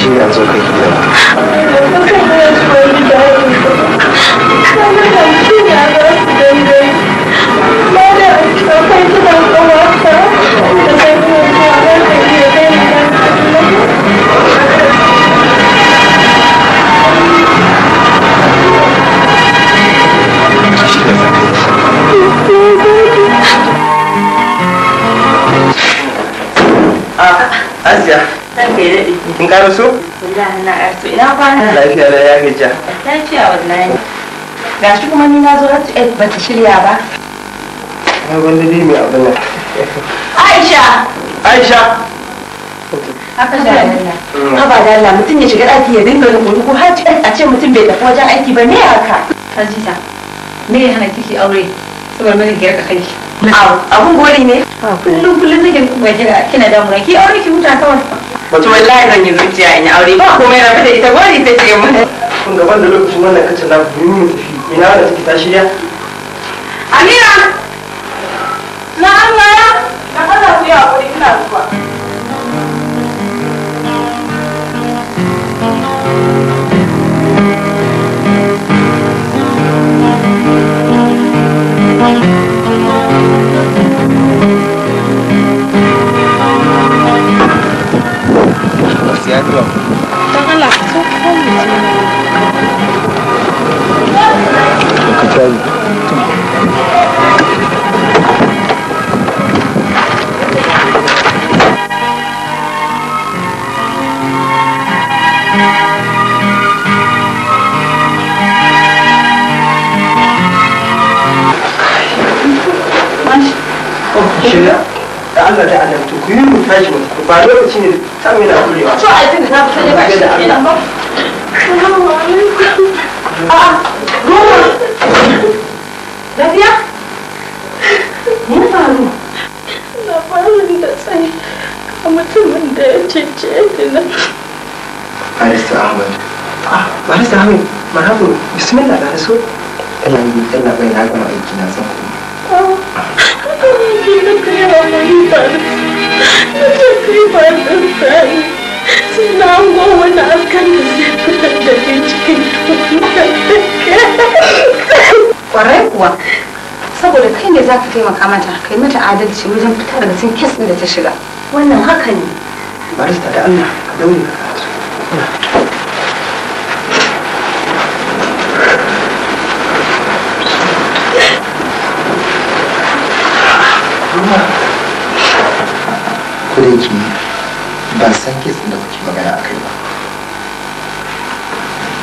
shi da zo kai gida ba. ƙara so? Wallahi na ƙara so ina kwana. Lafiya da ya gajiya. Lafiya wallahi. Ga shi kuma ni na zo ratu Ed ta shirya ba. ya wanda ne mai abu na Aisha. Aisha. Haka da Allah. Haba da Allah mutum ya shiga ɗaki ya dinga rubutu ko har a ce mutum bai tafi wajen aiki ba me haka? Hajita, me ya hana kiki aure saboda mijin ki rika kanki? Abun gori ne? Kullum kullum nake kuma kina damuna ki aure ki huta kawai. to wallahi zan yi zuciya in yi aure ba kuma yana fita ita gori ta ce mun kun gaban da lokacin wannan kacin na ina da take ta shirya amira Mahabu, bismillah da so. Ina yi ina bai na gama aiki na zan kuma. Suna ngo wani askan da zai fitar da ke cikin Kwarai kuwa, saboda kai ne za ka taimaka mata, kai mata adalci wajen fita daga cikin kes da ta shiga. Wannan haka ne. Barista da Allah, ka daure ka karatu. Kudinki ba san kitsin da kuke magana a kai ba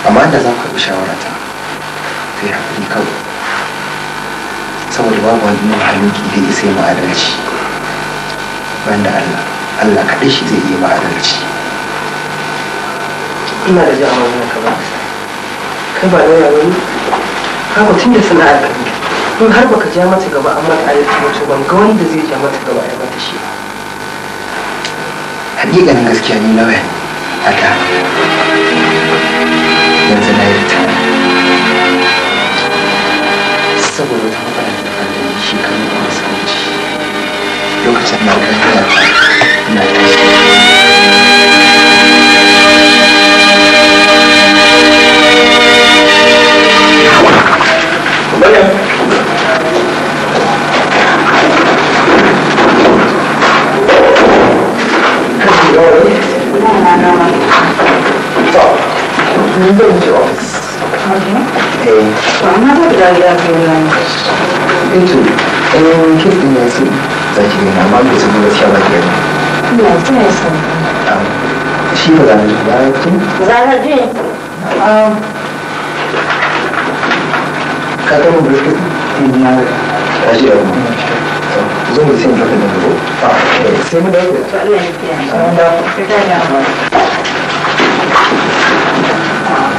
amma da za ku karɓi shawarata ta yi haƙuri kawai saboda babu wani ki da ya sai ma'adalci banda Allah Allah kaɗai shi zai iya ma'adalci ina da jama'a amana ka ba kai ba lauya ba ka mutum da sana'ar ka in har baka ja mata gaba amma ka ayyukan mutu ban ga wanda zai ja mata gaba ya mata shi ba hakikanin gaskiya ni lauya haka yanzu na yi ta saboda wata matsala da ta da ni shekaru masu wuce lokacin na ga na tashi to ni zan je office eh to da gida ke nan into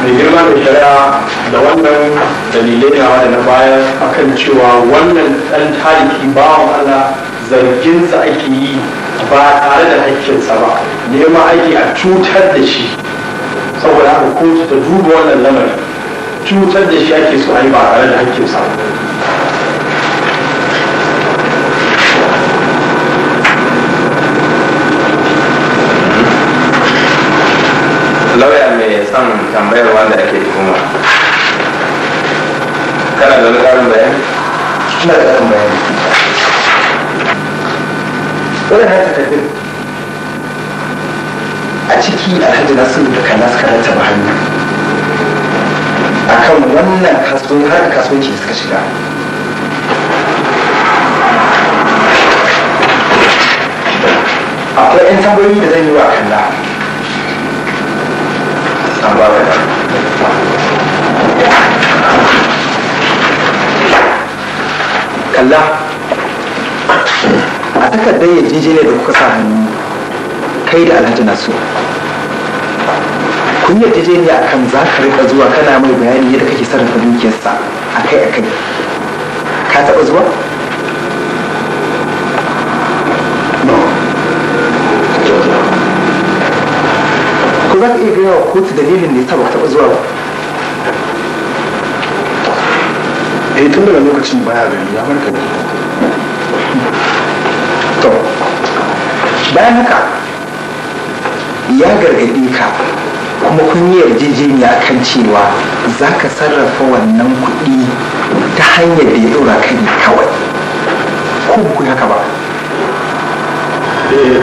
mai girma da shari'a da wannan dalilai nawa da na baya akan cewa wannan dan ba wa Allah zarginsa ake yi ba tare da haƙƙinsa ba nema ake a cutar da shi saboda haka kotu ta duba wannan lamarin cutar da shi ake so a yi ba tare da haƙƙinsa ba lauya mai son tambayar wanda ake kuma kana da wani karin bayani ina da karin bayani wani ta tafin a ciki alhaji nasu da kana suka rata ba hannu kan wannan kasuwanci har kasuwanci suka shiga akwai 'yan tambayoyi da zan yi wa kalla kalla a takardar yarjejeniyar da kuka sa hannu kai da alhaji nasu kun yarjejeniya akan za ka rika zuwa kana mai bayani yadda kake sarrafa dukiyarsa akai kai ka taɓa zuwa to za ka iya gaya wa kotu dalilin da ya taba taba zuwa ba eh tun daga lokacin baya gani ya barka da to bayan haka ya gargaɗe ka kuma kun yi yarjejeniya kan cewa za ka sarrafa wannan kuɗi ta hanyar da ya ɗora ne kawai ko ku haka ba eh,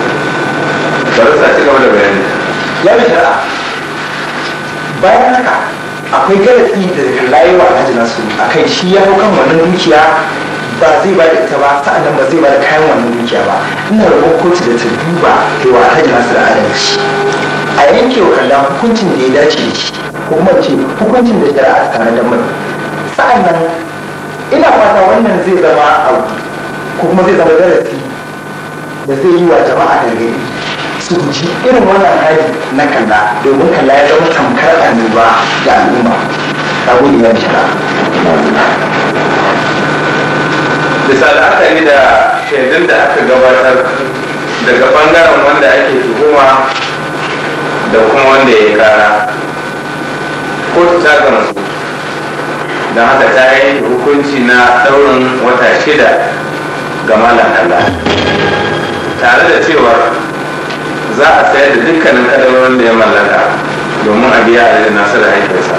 bari sa ci gaba da bayani ya bi shari'a bayan haka akwai garaɗi da layuwa alhaji nasu a kai shi ya hau kan wannan dukiya ba zai ba da ita ba sa'annan ba zai ba da kayan wannan dukiya ba ina roƙon kotu da ta duba da wa alhaji nasu da adalci a yanke wa kalla hukuncin da ya dace da shi ko kuma ce hukuncin da shari'a ta tare da mai sa'annan ina fata wannan zai zama abu ko kuma zai zama darasi da zai yi wa jama'a gargaɗi shi irin wannan hari na kalla domin kalla ya zama tamkar annoba ga al'umma ta gudu ya bishara bisa yi da shaidun da aka gabatar daga bangaren wanda ake tuhuma da kuma wanda ya yi kara ko ta gamsu don haka ta yi hukunci na daurin wata shida ga malam Allah tare da cewa za a sayar da dukkanin kadarorin da ya mallaka domin a biya a yadda nasu da haifarsa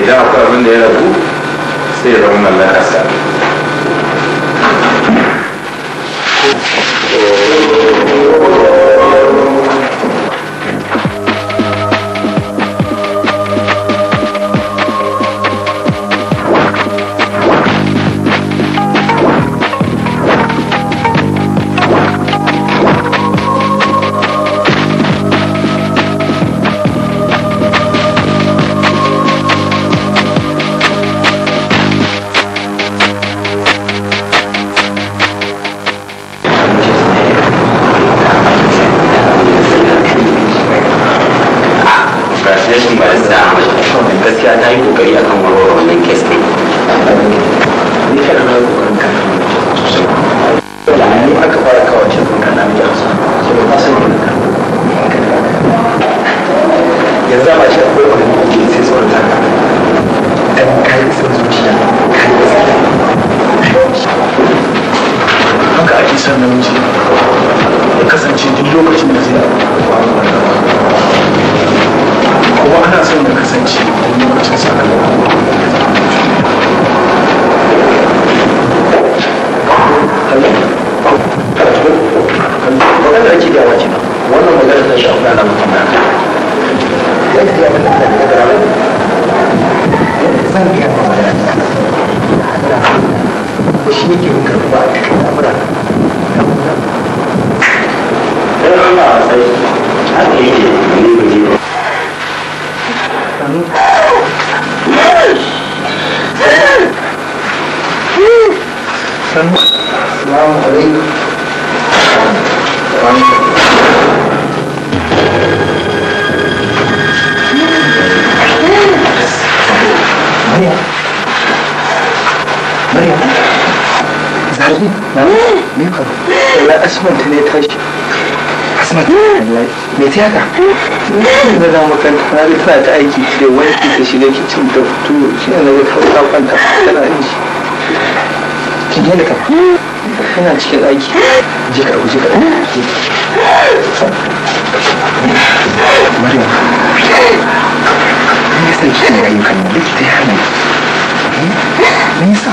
idan akwai abin da ya rabu sai ya zama mallakarsa da ake son namiji ya kasance duk lokacin da zai kuma ana son ya kasance duk lokacin sa wannan ake wannan magana ta shi mutum na ya yake a Maryam. Zargi? Na? Me faru? Allah asmanta ne tashi. asma me ta yaka da na makanta na da tana ta aiki da wanki ta shiga kicin da fito shi ne na ga kawai ta kwanta tana aiki ki ne da kama yana cikin aiki je ka abu je ka Maryam, me yasa kike yin ayyukan nan? Likita ya hana ki. Eh? Me yasa?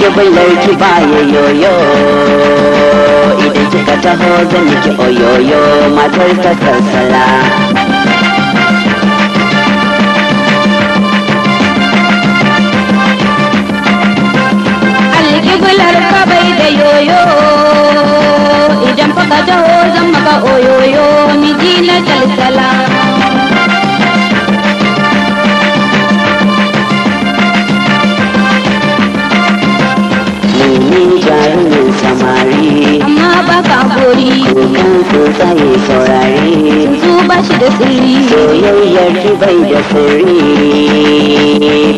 ki bullarki ba yoyo idan kika taho zan miki oyoyo matar ta kansala alƙiblar ka bai da yoyo idan fa ka taho zan maka oyoyo miji na kalsala baka gori Kullum tsutsa ya saurare shi da tsiri Soyayyar ki bai da tsiri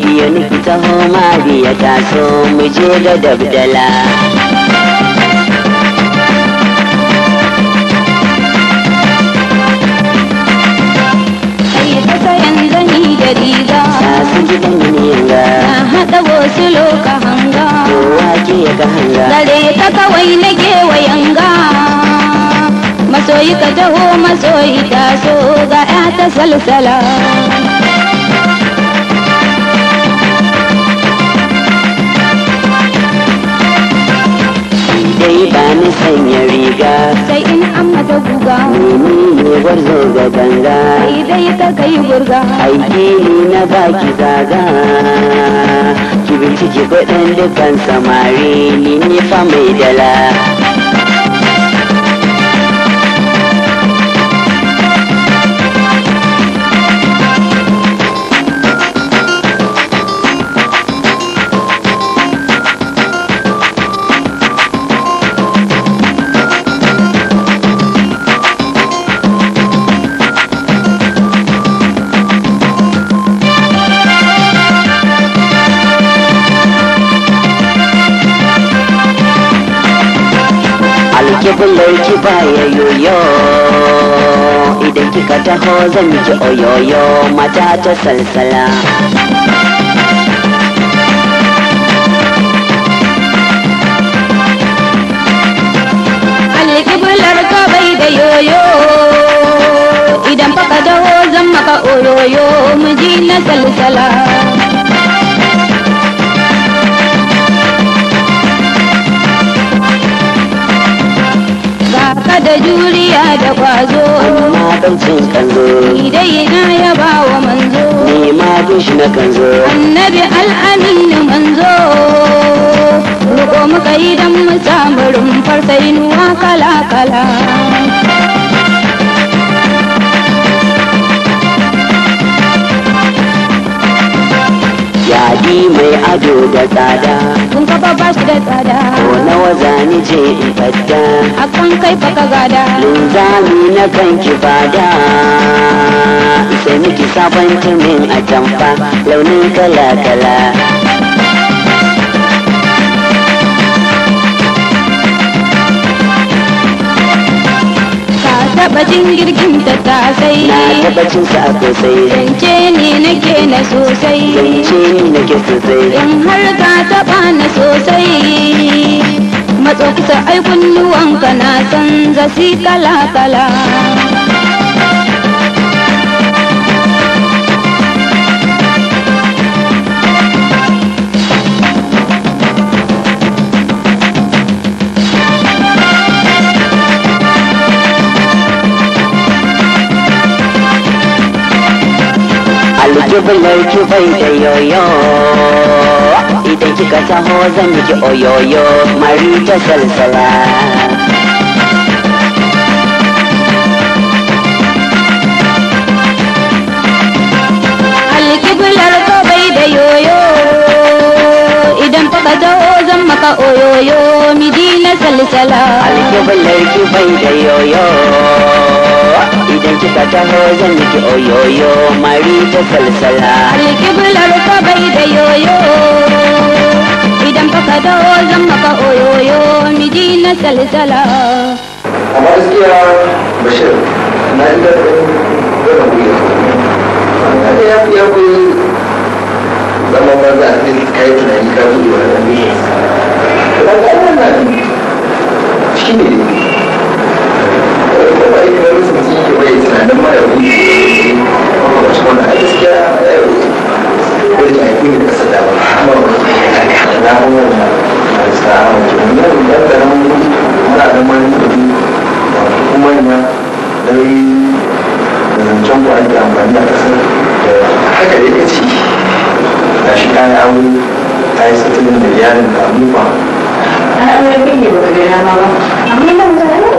Biya niki taho ma biya taso mu je da dabdala dalila na haɗa wasu loka hanga gare ka kawai na gewayanga masoyi ka taho masoyi taso ga 'ya ta salsala dai ba ni sanya riga sai in an mata guga ni ne gwarzo ga ganga sai dai ta kai gurga aiki ne na baki zaga ki ko kudin dukan samari ni ne fa mai dala bullar ki ya yoyo idan kika taho zan miki oyoyo mata ta salsala alƙiblar ka bai da yoyo idan baka taho zan maka oyoyo miji na salsala da juriya da kwazo na dan cin kanzo ni dai na yaba wa manzo ni ma bin shi na kanzo annabi al'amin manzo ruko muka yi dan mu samu rumfar sai nuwa kala kala yadi mai ado da tsada kun kafa ba shi da tsada ko nawa zani je in fadda akan kai fa ka gada linzami na kan ki fada sai miki sabon tumin a tamfa launin kala kala taɓa jin girgin ta sai, na taɓa cin sa a sai zance na sosai in har ka taɓa na sosai Matsa kusa ai kunnuwanka na san zasi kala kala kiblar ki bai da yoyo idan kika taho zan miki oyoyo mari ta salsala alkiblar ko bai da yoyo idan baka taho zan maka oyoyo midi na salsala alkiblar ki bai da yoyo idan ta taho zan miki oyoyo mari ta salsala alƙiblar ka bai da yoyo idan fa ka dawo zan maka oyoyo miji na salsala amma gaskiya bashir na ji daɗin gana wuya na da ya fi ya fi zaman banza a cikin kayan tunani ka zuwa wani ɗan biyu ba ga ɗan cikin ne ne wasu da suke bai tunanin mara wuri wasu wani a gaskiya wani a yi da kasa da ba amma wani na kuma na sa a wajen yau da ɗan mara da mara wuri kuma yana dai da zancen ku ake amfani a kasar da haka da ya ci ga shi kayan aure ta yi satilin da yarin da abubuwa. Na ɗan wani ba ka gaya ba, amma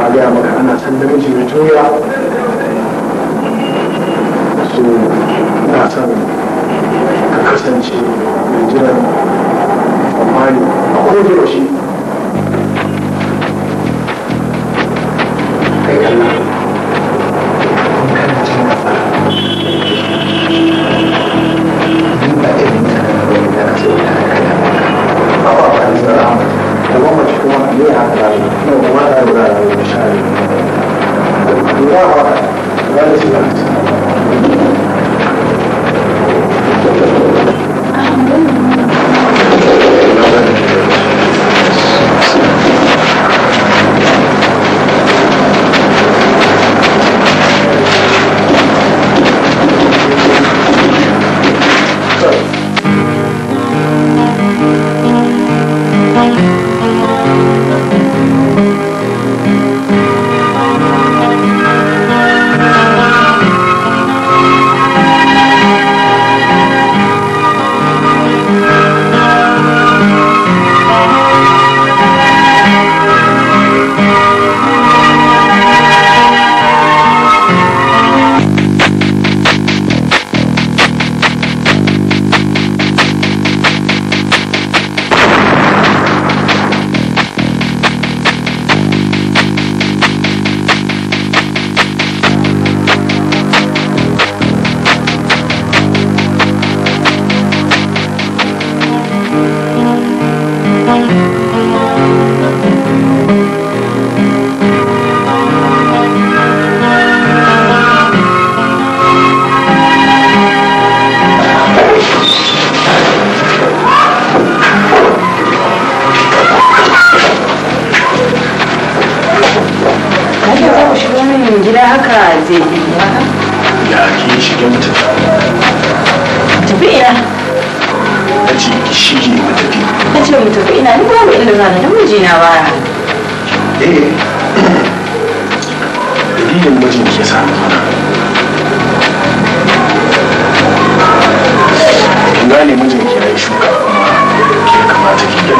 a gaya maka ana san namiji mai juriya su ina san ka kasance mai jiran amfani a kowace yaushe kai kalla هو مشكور عليه على الموضوع ولا مش عارف المراهقة لا يسمع eh dalilin mijin ke sa mana kin gane mijin ke yi shuka kuma ke kamata ki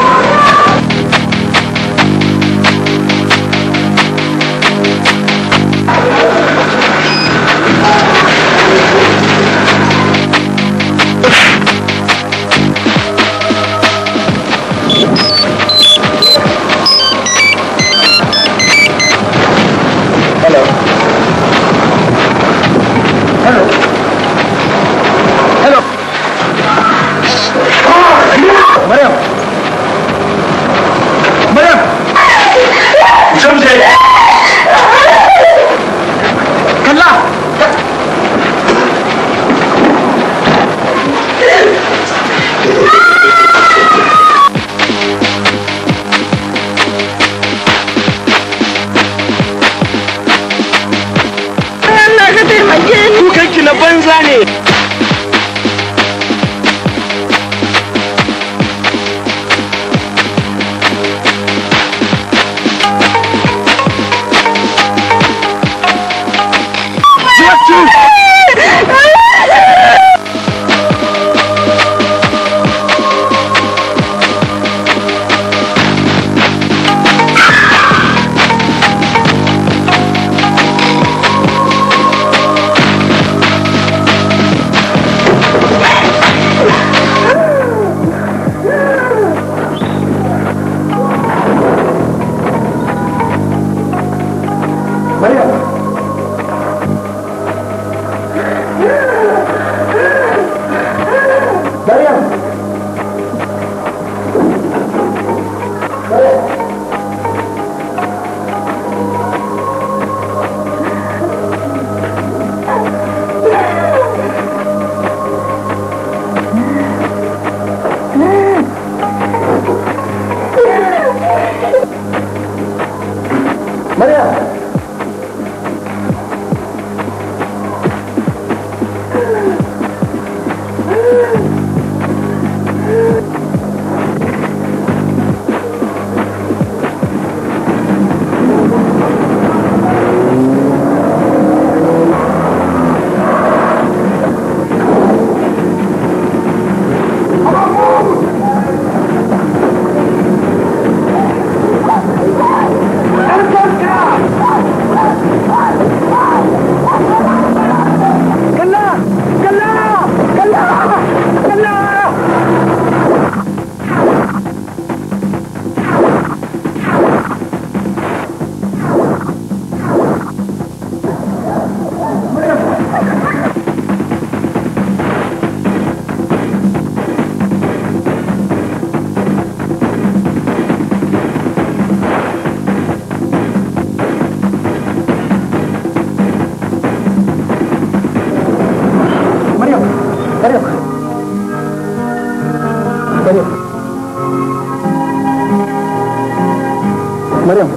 Maryam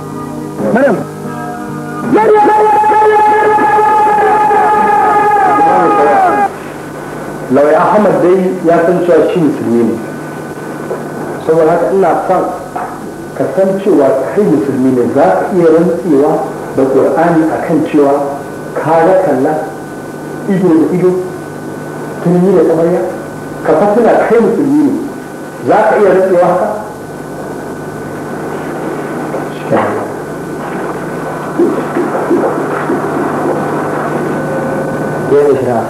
Maryam Maryam Lawai Ahmad dai ya san cewa shi musulmi ne saboda haka ina son ka san cewa kai musulmi ne za ka iya rantsewa da Qur'ani kan cewa ka kalla ido da ido tunani da kamar ya ka fasina kai musulmi ne za ka iya rantsewa haka ya kira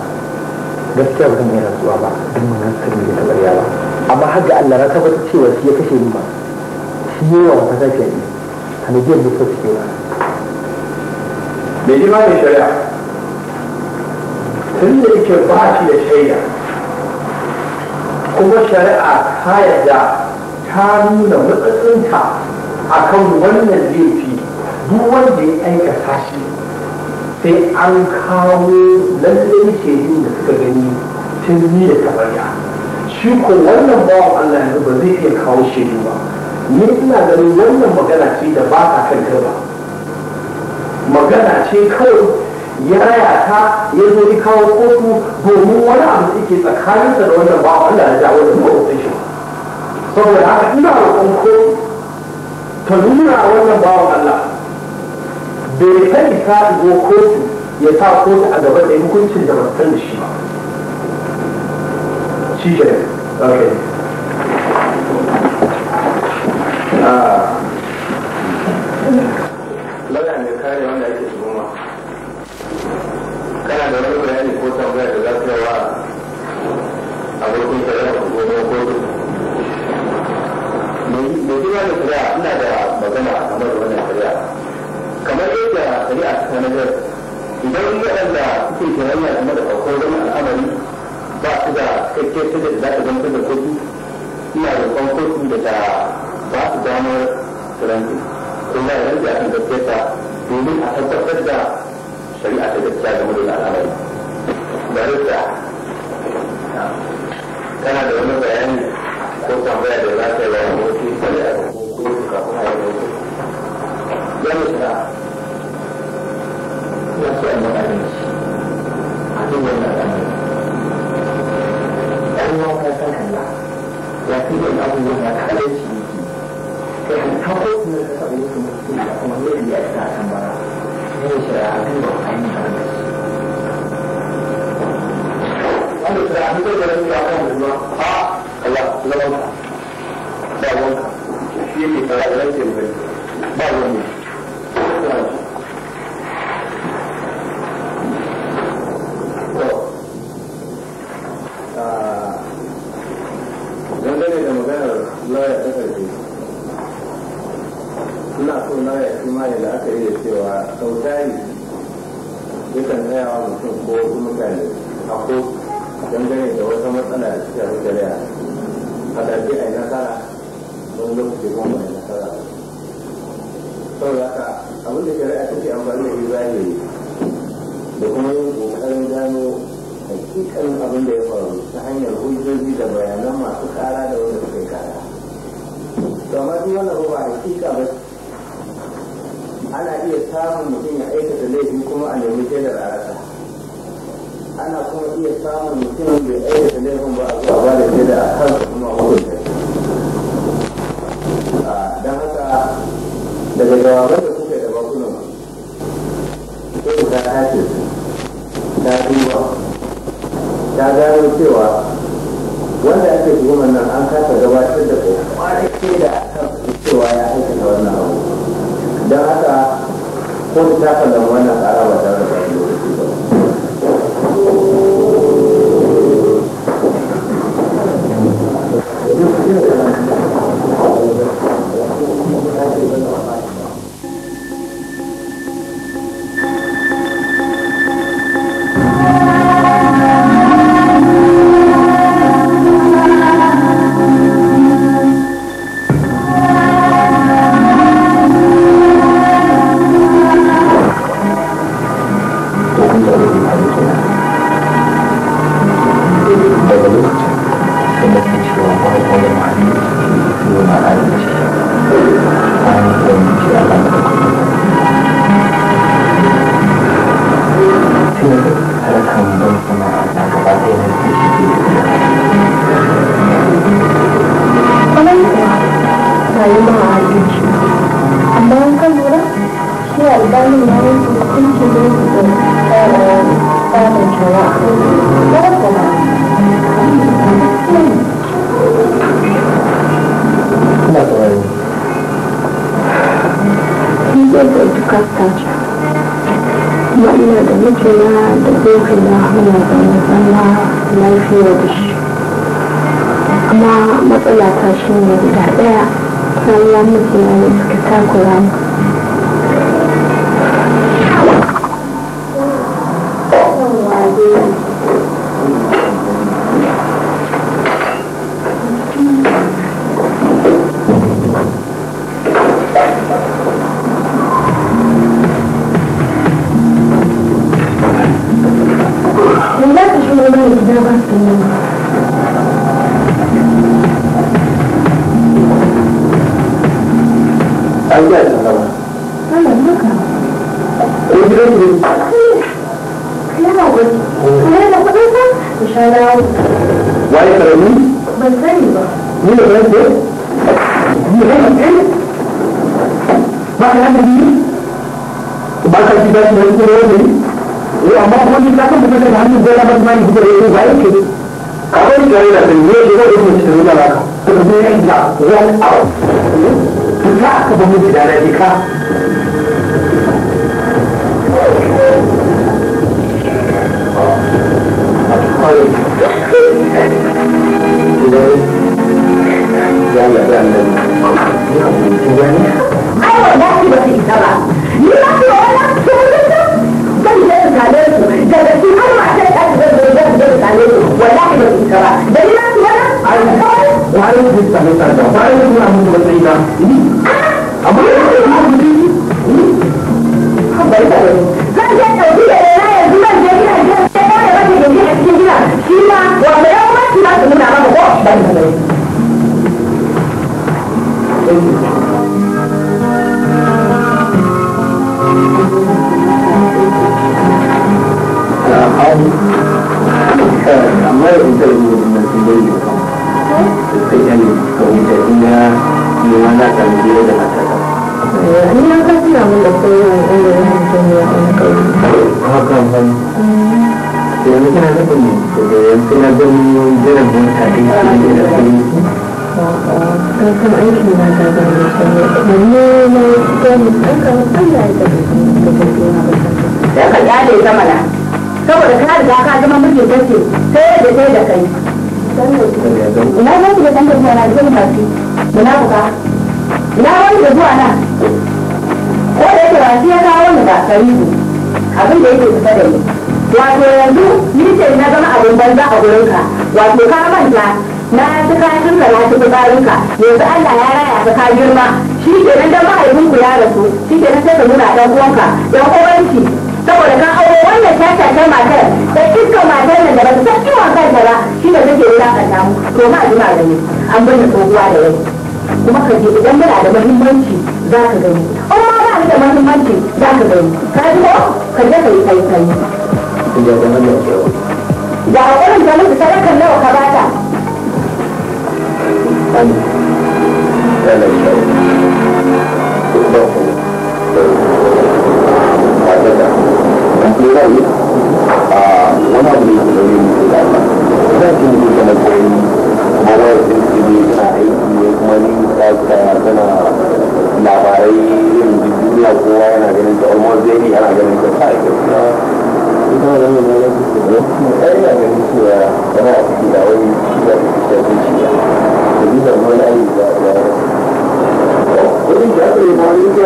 gaskiya ba zan yi rantsuwa ba don mun rantsa ne da ƙarya ba amma har ga Allah na tabbatar cewa shi ya kashe ni ba shi yi wa wata sake ne sanadiyar da ta ke ba. Bai ji ma mai shari'a tun da yake ba shi da shaida kuma shari'a ta yarda ta nuna matsatsinta kan wannan laifi duk wanda ya aikata shi sai an kawo lallai shaidu da suka gani ni da tabarya shi ko wannan bawan Allah yanzu ba zai iya kawo shaidu ba ni ina ganin wannan magana ce da ba ta kan ba magana ce kawai ya raya ta ya zo ya kawo kotu domin wani abu da ke tsakaninsa da wannan bawan Allah ya jawo da mawutsin shi saboda haka ina roƙon kotu ta nuna wannan bawan Allah bai kai ka zo kotu ya sa kotu a gaban da hukuncin da ban san da shi shi ke okay ah. lauya mai kare da wani da su ko da ina da magana game wannan shari'a kamar yadda shari'a ta tanadar idan waɗanda suke tarayya game da farko wani al'amari ba su da cikakken sirri da za ta zantar da kotu ina da kwan kotu da ta ba su damar turanci ko ba da rage akan gaskiyarta domin a tabbatar da shari'a ta gaskiya game da al'amari da rasa kana da wani bayani ko tambaya da za ta yi wa wani kotu kafin a yi ya mutu ya ce an baka da shi a duk wanda ka ne ɗan yawa ka san kalla ya fi yin abubuwan da ka da shi kai an kawo kuma ka taɓa yin kuma su da kuma yi ya ta kan bara ya yi shari'a a duk wanda ka yi ba da shi wanda shari'a yi wanda ka yi ba kan da ha Allah zaman ka ba wanka shi ne fara da rantsin bai ba wani a ƙarfi a yi nasara wani lokaci kuma ba a yi nasara saboda haka abin da shari'a take amfani da shi zahiri da kuma yin ƙoƙarin gano hakikalin abin da ya faru ta hanyar hujjoji da bayanan masu kara da wanda suka yi kara to amma duk wannan ba hakika ba ana iya samun mutum ya aikata laifi kuma a nemi shaidar a rasa ana kuma iya samun mutumin bai aikata laifin ba a zuwa ba da ke da kansa kuma a wurin don haka daga jawabai da kuka da bakunan sai ta tace ta duba ta gano cewa wanda ake tuhumar nan an kasa gabatar da kwanaki da kan cewa ya aikata wannan abu don haka ko ta kallon wannan tsara ba tare שלום לכולם, בוקר טוב masa da same su da da su har ma sai ɗaki zai zai zai zai su wallahi ba su ka ba da ni na su wannan wani su same su da wani su na mutu matsayi na abu ne da su mutu ji bari bari zan je ɗauki da rana yanzu zan je gina je sai ɗaure wata gindi a cikin gina shi ma wanda ya kuma shi ma su nuna maka ko bari bari Thank you. kan aiki na ta aure ta saboda ka riga ka zama mijin kace sai da sai da kai ina za ki da san da zuwa na zai mafi munafuka ina wani da zuwa na ko da yake ba ya kawo ni ba ne abin da yake fita da ni wato yanzu ni ce na zama abin banza a ka wato ka manta na ci kayan ka na ci ka yanzu Allah ya raya ka ka girma shi ke nan dan mahaifinku ya rasu shi ke nan sai ka nuna dan uwanka dan uwanki saboda kan aure wannan ta ta matar da iska matar nan da ba ta yi wa kanta ba shi ne take wulakanta mu to ma ji gani an ni tsohuwa da yau kuma ka je idan muna da muhimmanci za ka gani in ma ba ni da muhimmanci za ka gani ka ji ko ka je ka yi kai kai da hakurin da mutu sadakan nawa ka bata Thank you. ra'ayi a wani abu ne da ne mutu da ina jin ji da nagoyi kuma wayar din su ne tana aiki ne kuma ni ta tsaya tana labarai yin duniya kowa yana ganin ta almost daily ana ganin ta ta aiki ita da ne ne ne ai ya ganin cewa yana a cikin da wani shi da shi da shi da shi da wani aiki da ya kudin da aka yi yi ta shiga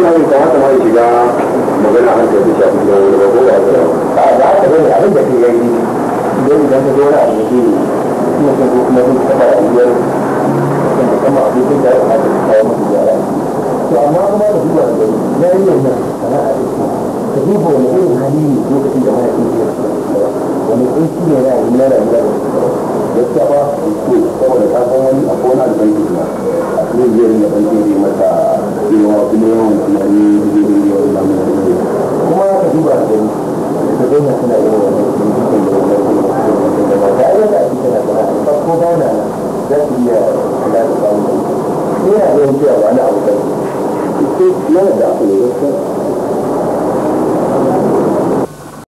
magana an ta bisha ta ka dora a biyar kan da kama abincin da to amma kuma da ka duba wani irin da mahaifin ke wani kunci ne na yi na rayuwa da su zai zai ringa ɗan tere masa cewa kuma yawan tunani zai ringa yawan damu da zai kuma ka duba da gani ka daina suna yawan wani cikin da wani cikin da wani cikin da ba ta yi da ake kana kana ba ko ba na za su iya kula da samun da ita yana ganin cewa wani abu da ke yana da aka yi